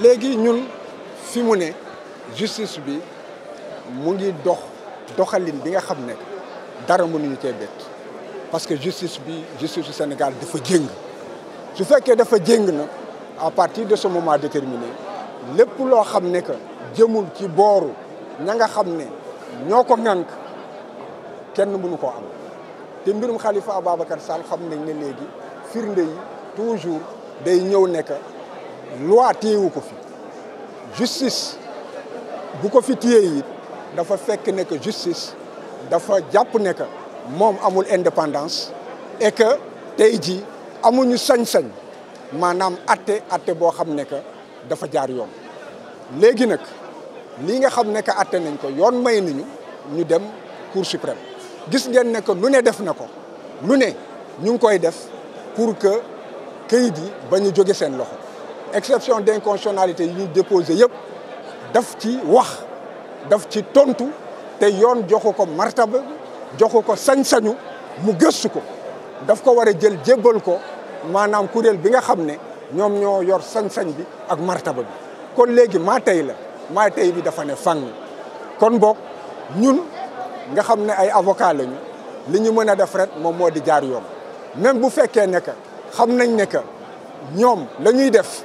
léegi ñun fi mu ne justice bi mu ngi dox doxalin bi nga xam ne dara mënuñu cee bett parce que justice bi justice du Sénégal dafa jéng su fekkee dafa jéng na à partir de ce moment déterminé lépp loo xam ne que jëmul ci booru ña nga xam ne ñoo ko ŋànk kenn mënu koo am te mbirum Khalifa Ababacar Sall xam nañ ne léegi firnde yi toujours day ñëw nekk loi téyewu ko fi justice bu ko fi téye yi dafa fekk ne que justice dafa jàpp ne que moom amul indépendance et que tey jii amuñu sañ-sañ maanaam atte atte boo xam ne que dafa jaar yoon léegi nag lii nga xam ne que atte nañ ko yoon may nañu ñu dem cour suprême gis ngeen ne que lu ne def na ko lu ne ñu ngi koy def pour que kayit yi ba ñu jóge seen loxo exception d'inconstitutionnalité yi ñu déposé yépp daf ci wax daf ci tontu té yoon joxoko martaba joxoko sañ-sañu mu gëstu ko daf ko wara jël jébbal ko manam kurel bi nga xamné ñom ñoo yor sañ-sañ bi ak martaba bi kon légui ma tay la ma tay bi dafa né fang kon bok ñun nga xamné ay avocat lañu liñu mëna def rek mom modi di jaar yoon même bu féké né ka xam nañ ne que ñoom def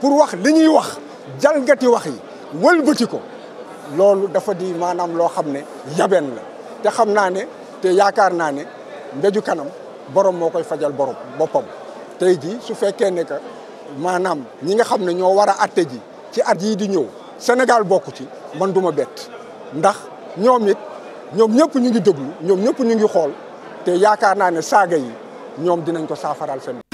pour wax li ñuy wax jalgati wax yi wëlbati ko loolu dafa di maanaam loo xam ne yabeen la te xam naa ne te yaakaar naa ne mbéju kanam borom moo koy fajal borom boppam tey ji su fekkee ne que maanaam ñi nga xam ne ñoo war a atte ji ci at yi di ñëw Sénégal bokk ci man duma bett ndax ñoom it ñoom ñëpp ñu ngi déglu ñoom ñëpp ñu ngi xool te yaakaar naa ne saaga yi ñoom dinañ ko saafaral seen